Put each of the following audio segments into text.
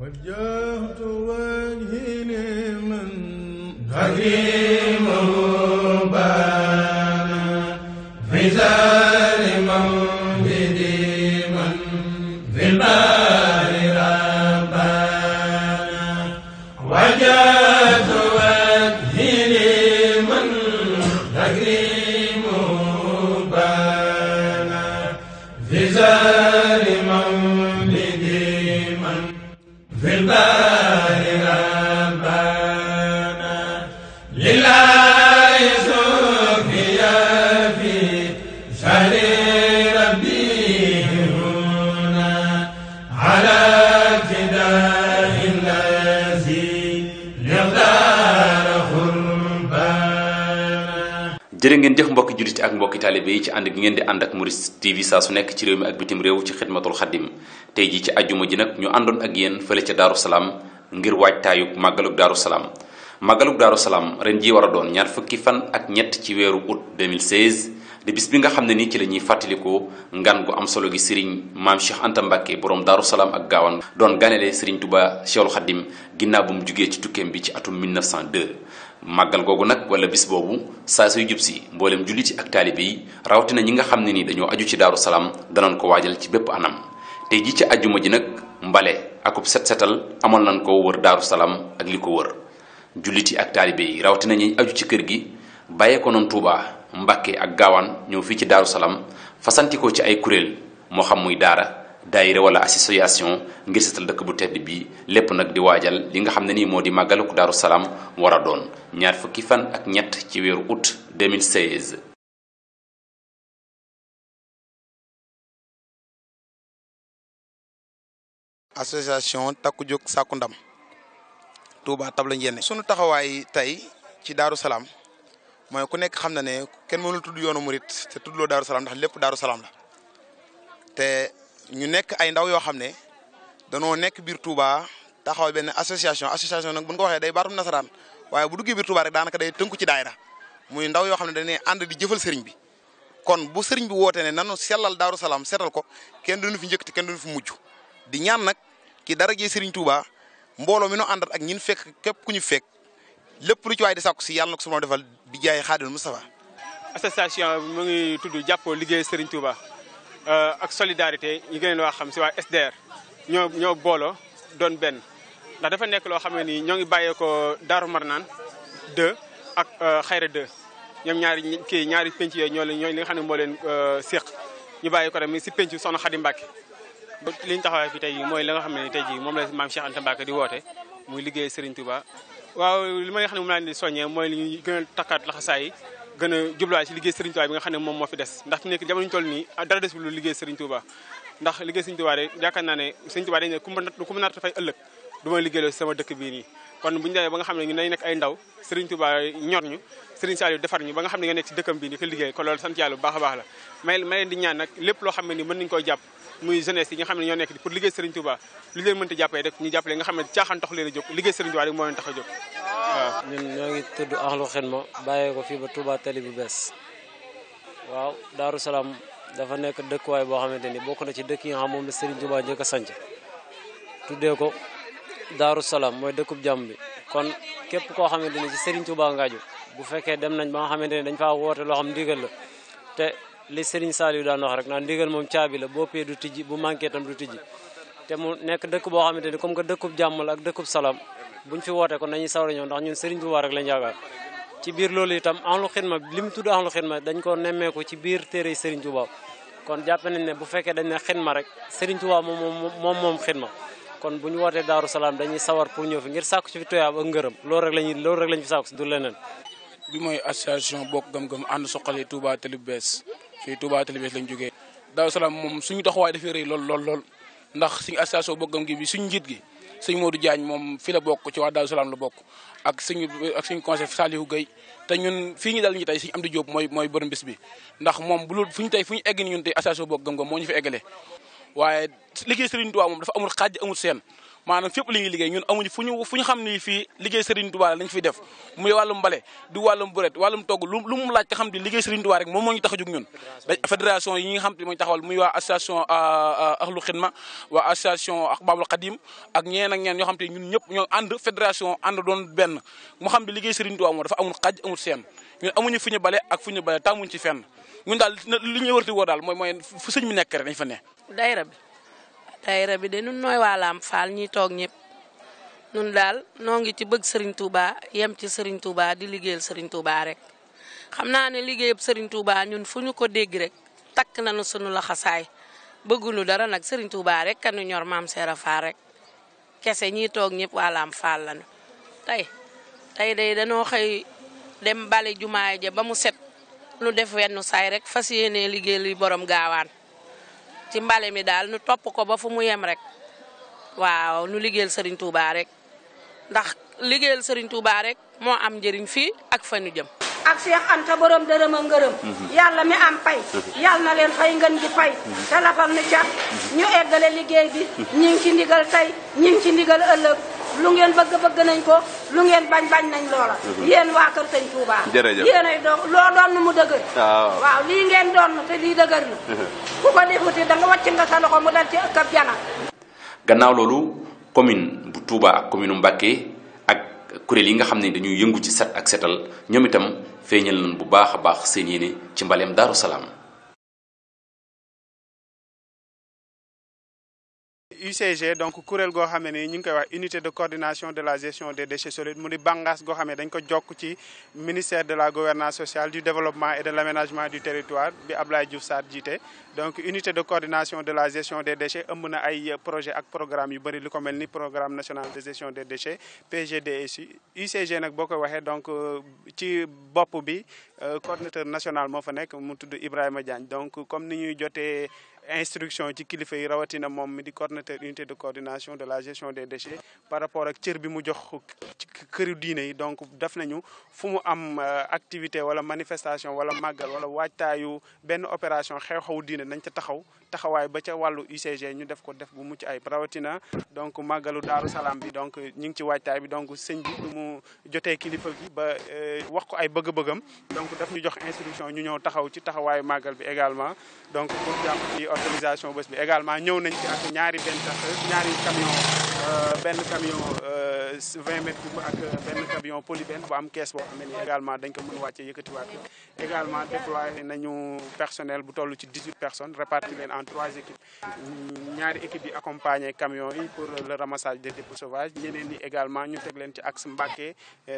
وجهت وجهي لمن هدي jërë ngeen jëf mbokki julliti ak mbokki taalibe yi ci ànd gi ngeen di ànd ak Mouride TV saa su nekk ci réew mi ak bitim réew ci xidmatul xaddim tey jii ci àjjuma ji nag ñu àndoon ak yéen fële ca Daaru Salaam ngir waajtaayug màggalug Daaru Salaam màggalug Daaru Salaam ji jii war a doon ñaar fukki fan ak ñett ci weeru août 2016 di bis bi nga xamne ni ci lañuy ngan gu am solo gi serigne maam cheikh anta mbàkke borom daru salam ak gawan don ganele serigne tuba cheikhul khadim ginnaw bu mu jugee ci tukem bi ci atum 1902 magal gogu nak wala bis bobu sa suy jub si mboolem jullit yi ak talibi rawti na ñi nga xamne ni dañoo aju ci ko ci bepp anam tey ji ci ji nak mbale akup set setal amal nañ ko wër daru salam ak liko wër jullit yi ak taalibe rawti aju ci kër gi ko non touba Mbàkke ak gaawaan ñëw fii ci Daaru Salaam fasantikoo ci ay kuréel moo xam muy daara daayira wala association ngir setal dëkk bu tedd bii lépp nag di waajal li nga xam ne nii moo di màggaluk Daaru Salaam war a doon ñaar fukki fan ak ñett ci weeru août 2016. association takku jóg sàkku ndam Touba Tabla Njenne sunu taxawaay tey ci Daaru Salaam. mooy ku nekk xam na ne kenn mënul tudd yoonu murit te tuddloo daaru salaam ndax lépp daaru salaam la te ñu nekk ay ndaw yoo xam ne danoo nekk biir Touba taxawal benn association association nag bu ñu ko day baatum nasaraan waaye bu duggee biir Touba rek daanaka day tënku ci daayira muy ndaw yoo xam ne dañuy ànd di jëfal sëriñ bi kon bu sëriñ bi wootee ne nanu sellal daaru salaam seetal ko kenn duñu fi njëkk te kenn duñu fi mujj di ñaan nag ki dara jee sëriñ mbooloo mi noo àndat ak ñin fekk képp ku ñu fekk. lépp lu ci waay di sàkku si yàlla na ko sama defal bi jaay mu Moustapha association mu ngi tudd jàppoo liggéey Serigne Touba euh, ak solidarité ñi gën leen waa xam si waa SDR ñoo ñoo booloo doon benn ndax dafa nekk loo xam ne nii ñoo ngi bàyyeekoo Daaru Marnaan 2 ak euh, Xayra 2 ñoom ñaari kii ñaari penc yooyu ñoo li nga xam ne moo leen euh, séq ñu bàyyi ko tamit si penc soxna Xadi Mbàkke li ñu taxawee fi tey jii nga xam ne tey jii moom la maam Cheikh Anta Mbàkke di woote muy liggéey Serigne Touba waaw li may xam ne moom laa leen di soññee mooy li ñuy a takkaat laxasaay a jubluwaay ci liggéey Serigne nga xam ne moom moo fi des ndax fi nekk jamono ñu toll nii dara des bi lu liggéey Serigne Touba ndax liggéey Serigne Touba de yaakaar ne Serigne Touba ma ku ma naat dafay ëllëg du may liggéeyloo sama dëkk bii nii kon bu ñu demee ba nga xam ne ñu nañ nekk ay ndaw Serigne Touba ñor ñu Serigne Saliou defar ñu ba nga xam ne nga nekk si dëkkam bii ni ko loolu sant baax a baax la may may leen di ñaan nag lépp loo xam ne ni mën nañu koy jàpp muy jeunesse yi nga xam ñoo nekk pour liggéey Serigne Touba li leen mënta jappé rek ñu jappalé nga xam ne tax leen jox jóg liggéey Serigne Touba rek mo leen tax jox ñun ñoo ngi tudd Ahlu Xidma baye ko fi ba Touba Tali bu bees waaw daru salam dafa nekk dekk way bo xamanteni bokku na ci dekk yi nga xam la Serigne Touba jëk a tuddé ko daru salam moy dekkub jàmm bi kon képp ko xamanteni ci Serigne Touba ngaaju bu fekkee dem nañ ba nga xamanteni dañ fa woote lo xam digël la te li Serigne Saliou daan wax rek naan ndigal moom caabi la boo pee du tijji bu manqué itam du tijji te mu nekk dëkk boo xamante ni comme que dëkkub jàmm la ak dëkkub salaam buñ fi woote ko nañuy sawar a ñëw ndax ñun Serigne Touba rek lañ yaakaar ci biir loolu itam ahlu xidma li mu tudd ahlu xidma dañ ko nemmeeku ci biir téere Serigne Touba kon jàpp nañ ne bu fekkee dañ ne xidma rek Serigne Touba moom moom moom moom xidma kon bu ñu wootee Daaru Salaam dañuy sawar pour ñëw fi ngir sàkk ci fi tuyaab ak ngërëm loolu rek lañuy loolu rek lañu fi sàkku si du leneen bi mooy association bokk gëm-gëm ànd suqali Touba te lu bees fii Touba Télébès lañ jógee Daaru Salaam moom suñu taxawaay dafay rëy lool lool lool ndax suñu association bokkam gi bi suñu njiit gi sëñ Modou jaañ moom fi la bokk ci waa Daaru Salaam la bokk ak suñu ak suñu conseil Saliou Gueye te ñun fii ñu dal ñu tey suñu Amdi Diop mooy mooy borom bis bi ndax moom bu lu fu ñu tey fu ñu egg ni ñun tey association bokkam gam moo ñu fi eggale waaye liggéey Serigne Touba moom dafa amul xaaj amul seen maanaam fépp li ñuy liggéey ñun amuñu ñu fu ñu xam ni fii liggéey Serigne Touba lañ fi def muy wàllum mbale du wàllum buret wàllum togg lu lu mu laaj te xam di liggéey Serigne Touba rek moom moo ñu tax a jug ñun fédération yi nga xam te mooy taxawal muy waa association euh, euh, ahlu xidma waa association ak ñeen ñeen ñoo xam te ñun ñëpp ñoo ànd fédération ànd doon benn mu xam ne liggéey Serigne Touba moo dafa amul xaj amul seen ñun amuñu fu ñu bale ak fu ñu bale tàmmuñ ci fenn ñun daal li ñu wërti woo daal mooy mooy fu sëñ mi nekk rek dañ fa ne daayira bi de nun nooy waa Lamp Fall toog ñëpp nun daal noo ngi ci bëgg Serigne Touba yem ci Serigne Touba di liggéeyal Serigne Touba rek. xam naa ne liggéeyub Serigne Touba ñun fu ñu ko dégg rek takk nañu sunu laxasaay bëggunu dara nag Serigne Touba rek kanu ñor maam Seera Fall rek kese ñiy toog ñëpp waa Lamp Fall lañu tey day danoo xëy dem bale jumaay ja ba mu set. lu def wenn saay rek fas yéenee liggéey luy borom gaawaan. ci mbale mi daal nu topp ko ba fu mu yem rek waaw nu liggéeyal Serigne Touba rek ndax liggéeyal Serigne Touba rek moo am njëriñ fii ak fa nu jëm. ak Cheikh Anta borom dërëm a ngërëm. Mhm. yàlla mi am pay. Mhm. yàlla na leen fay ngeen gi fay. Mhm. te lafal nu cat. ñu eggale liggéey bi. ñi ci ndigal tey ñi ci ndigal ëllëg. lu ngeen bëgg bëgg nañ ko lu ngeen bañ bañ nañ loola mhm. yeen wa kër señ Touba yeen ay doon lo doon mu dëgër waaw li ngeen doon te li dëgër na mhm. ku ko defuti da nga wacc nga sa loxo mu dal ci ëkk ab jana gannaaw loolu commune bu Touba ak commune Mbacké ak kuréel yi nga xam ne dañuy yëngu ci set ak setal ñoom itam feeñal nañ bu baax a baax seen yéene ci mbalem Daaru Salaam UCG donc courel go xam ni koy wax unité de coordination de la gestion des déchets solides mu di bangas go xam dañ ko jokk ci ministère de la gouvernance sociale du développement et de l'aménagement du territoire bi Abdoulaye Diouf donc unité de coordination de la gestion des déchets ëmb na ay projet ak programme yu bari liko melni programme national de gestion des déchets PGDSU UCG nak boo koy donc euh, ci bop bi euh, coordinateur national mo fa nek mu tudd Ibrahima Diagne donc comme nous ñuy été... instruction ci kilifa yi rawatina moom mi di coordinateur unité de coordination de la gestion des déchets par rapport ak cër bi mu jox ci këru diine yi donc def nañu fu mu am euh, activité wala manifestation wala màggal wala waajtaayu benn opération xew-xewu diine nañ ca taxaw taxawaay ba ca wàllu UCG ñu def ko def bu mucc ay rawatina donc màggalu daaru salaam bi donc ñu ngi ci waajtaay bi donc sëñ bi mu jotee kilifa gi ba euh, wax ko ay bëgg-bëggam donc daf ñu jox instruction ñu ñëw taxaw ci taxawaayu màggal bi également organisation bés bi également ñëw nañ ci ak ñaari benn ñaari camion ben camion 20 euh, mètres avec ak euh, benn camion polyben bu am caisse boo également dañ ko mën wàcce yëkkatiwaat ko également déployé nañu personnel bu tollu ci 18 personnes réparti en trois équipes ñaari équipe bi accompagner camion yi pour le ramassage des dépôts sauvages ñeneen ni également ñu tek leen ci axe Mbacké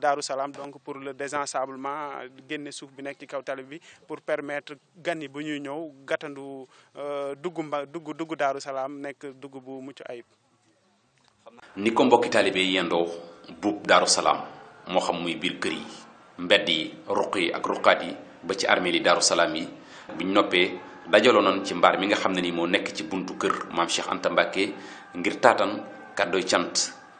Darou Salam donc pour le désensablement génne souf bi nek ci kaw tali bi pour permettre gani bu ñuy ñëw gatandu dugg dugu dugu Daru Darou Salam nek dugu bu mucc ayib ni ko mbokki taalibe yendo bub daru salam mo xam muy biir kër yi mbedd yi ruq yi ak ruqaat yi ba ci armeel yi daaru salaam yi biñ noppee dajalo non ci mbar mi nga xam ni mo nek ci buntu kër mam Cheikh Anta Mbacke ngir taatan kaddo ciant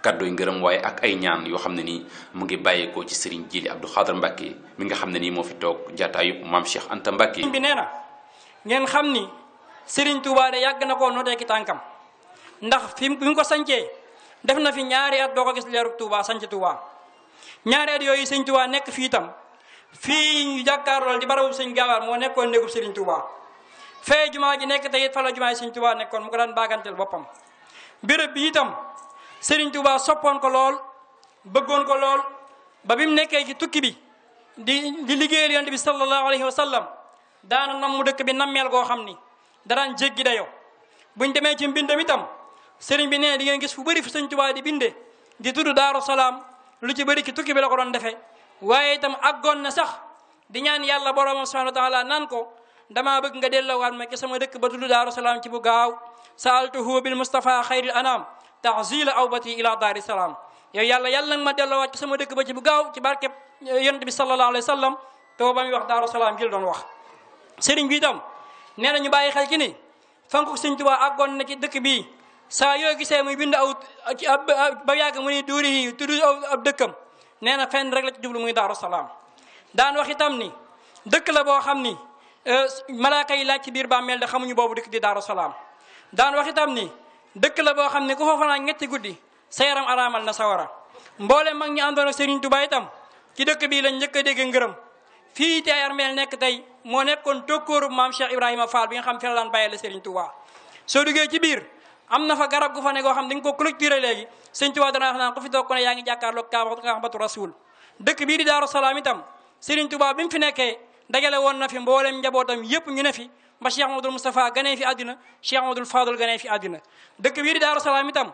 kaddo ngeureum way ak ay ñaan yo xam ni mu ngi ko ci serigne djili Abdou Khadre Mbacke mi nga xam ni mo fi toog jataayub mam Cheikh Anta Mbacke. bi neena ngeen xam ni Touba de yag nako no de ki tankam ndax fi ko sancee def na fi ñaari at doo ko gis leerug Touba sanc Touba ñaari at yooyu sëñ Touba nekk fii itam fii ñu jàkkaarlool di barabu sëñ Gaawaar moo nekkoon néegub Sëriñ Touba fee jumaa ji nekk te it fala la jumaa yi sëñ Touba nekkoon mu ko daan baaganteel boppam béréb bi itam Sëriñ Touba soppoon ko lool bëggoon ko lool ba bi mu nekkee ci tukki bi di di liggéeyal yonent bi sallallahu alayhi wa sallam daana nam mu dëkk bi nammeel goo xam ni daraan jéggi dayo buñ demee ci mbindam itam sëriñ bi nee di ngeen gis fu bëri fu sëñ Tuubaa di binde di tudd Daaru Salaam lu ci bëri ci tukki bi la ko doon defee waaye itam àggoon na sax di ñaan yàlla boroomam subhaanahu wa taala naan ko damaa bëgg nga delloowaat ma ci sama dëkk ba tudd Daaru Salaam ci bu gaaw saaltuhu bil Mustafa xayril anam taxzila awbati ila daari salaam yow yàlla yàlla nga ma delloowaat ci sama dëkk ba ci bu gaaw ci barke yonent bi sallallahu alayhi wa sallam ba muy wax Daaru Salaam gi la doon wax sëriñ bi itam nee na ñu bàyyi xel ci ni fanku sëñ Tuubaa àggoon na ci dëkk bii saa yoo gisee muy bind aw ci ab ba yàgg mu ni duuri yi tudd aw dëkkam nee na fenn rek la ci jublu muy daaru salaam daan wax itam ni dëkk la boo xam ni e, malaaka yi laaj ci biir bàmmeel de xamuñu boobu dëkk di daaru salaam daan wax itam ni dëkk la boo xam ni ku fa fanaan ñetti guddi sa yaram araamal na sawara mboolem mag ñi àndoon ak Serigne Touba itam ci dëkk bii lañ njëkk a dégg ngërëm fii te ay armeel nekk tey moo nekkoon tokkóorub maam Cheikh Ibrahima faal bi nga xam fi la daan bàyyee la Serigne Touba soo duggee ci biir amna fa garab gu fa ne go xam dañ ko clôturer legi seigne touba dana xana naan fi toog ne Kaaba nga xam batu rasul dëkk bi di daru salam itam seigne touba bim fi nekké dajale won na fi mbolem njabotam yep ñu ne fi ba Cheikh Amadou Moustapha gane fi adina Cheikh Amadou fadoul gane fi adina dëkk bi di daru salam itam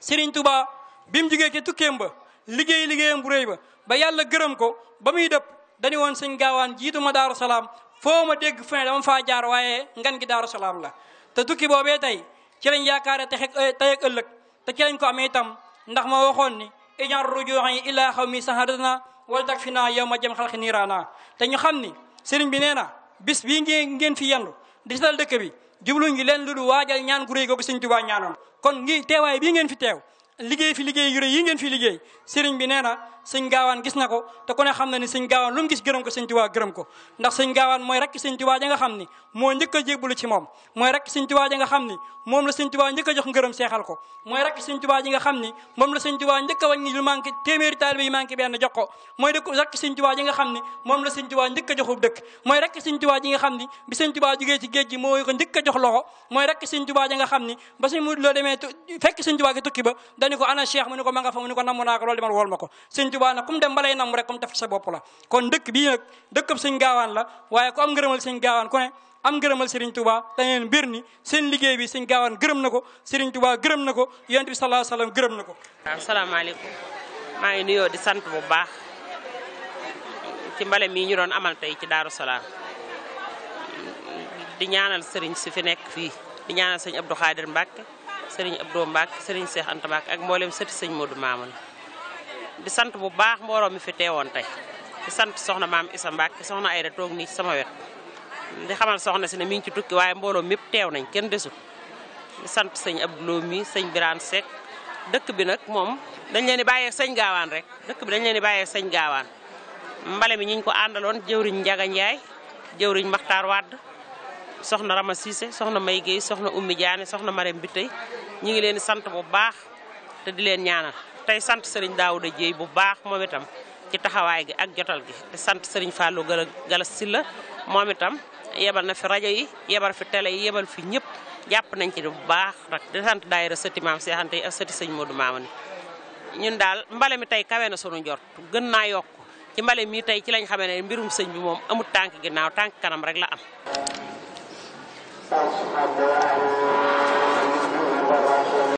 seigne touba bim jugge ci ca ba liggey liggéeyam bu reey ba ba yàlla gërëm ko ba muy dëpp dañi won seigne gawan jitu ma Daaru Salaam foo ma dama fa jaar waye ngan gi daru salam la te tukki bobé tay ci lañ yaakaare texe eh, tey ak ëllëg te ci ko amee itam ndax ma waxoon ni ijan rujuuxan illa xaw mi saharatna wala tak fi naa yow ma jem xalxi niiraana te ñu xam ni sëriñ bi nee na bis bii ngeen ngeen fi yendu di setal dëkk bi jublu ngi leen lu du waajal ñaan gu réy googu sëñ Tuubaa ñaanoon kon ngi teewaay bii ngeen fi teew liggéey fi liggéey yu yi ngeen fi liggéey sëriñ bi nee na sëñ gaawaan gis na ko te ku ne xam na ni sëñ gaawaan lu mu gis gërëm ko sëñ tubaa gërëm ko ndax sëñ gaawaan mooy rek sëñ tubaa ja nga xam ni moo njëkk a jébbalu ci moom mooy rek sëñ tubaa ja nga xam ni moom la sëñ tubaa njëkk a jox ngërëm seexal ko mooy rek sëñ tubaa ji nga xam ni moom la sëñ tubaa njëkk a wàññi lu manqué téeméeri taalibe yi manqué benn jox ko mooy dëkk rek sëñ tubaa ji nga xam ni moom la sëñ tubaa njëkk a joxub dëkk mooy rek sëñ tubaa ji nga xam ni bi sëñ tubaa jugee ci géej gi moo ko njëkk a jox loxo mooy rek sëñ tubaa ja nga xam ni ba sëñ mu loo demee fekk sëñ tubaa ki tukki ba dañu ko ana cheikh mu ni ko ma nga fa mu ni ko namm naa ko loolu demal wool ma ko Tuubaa nag kum dem balay nam rek kum def sa bopp la kon dëkk bi dëkk dëkkam sëñ gaawaan la waaye ko am ngërëmal sëñ gaawaan ku ne am ngërëmal Serigne mbir ni seen liggéey bi sëñ gaawaan gërëm na ko Serigne tubaa gërëm na ko yonent bi sallallahu alayhi gërëm na ko waaw maa ngi nuyoo di sant bu baax ci mbale mii ñu doon amal tey ci Daaru Salaam di ñaanal Serigne si fi nekk fii di ñaanal sëñ Abdou Khadir Mbacke Serigne Abdou Mbacke Serigne Cheikh Anta Mbacke ak mboolem sëti sëñ Modou Mamoun di sant bu baax mbooloo mi fi teewoon tey di sant soxna maam Isa Mbàkke soxna Ayda toog nii ci sama wet di xamal soxna si ne mi ngi ci tukki waaye mbooloo mépp teew nañ kenn desut di sant sëñ Abdoulou mi sëñ Birane sek dëkk bi nag moom dañ leen di bàyyee sëñ gaawaan rek dëkk bi dañ leen di bàyyee sëñ gaawaan mbale mi ñi ñu ko àndaloon jëwriñ Njaga Njaay jëwriñ Maxtaar Wadd soxna Rama Cissé soxna May Guèye soxna Ummi soxna Marème Bitey ñu ngi te tay sant Serigne Daouda djey bu baax moom itam ci taxaway gi ak jotal gi te sant Serigne fallo Gala sila Sylla itam yebal na fi radio yi yebal fi tele yi yebal fi ñëpp japp nañ ci bu baax rek de sant daayira seut imam seexante yi ak seut serigne Modou mamane ñun dal mbale mi tay kawé na sunu njort gën na yok ci mbale mi tay ci lañ xamé ne mbirum sëñ bi mom amu tank ginaaw tank kanam rek la am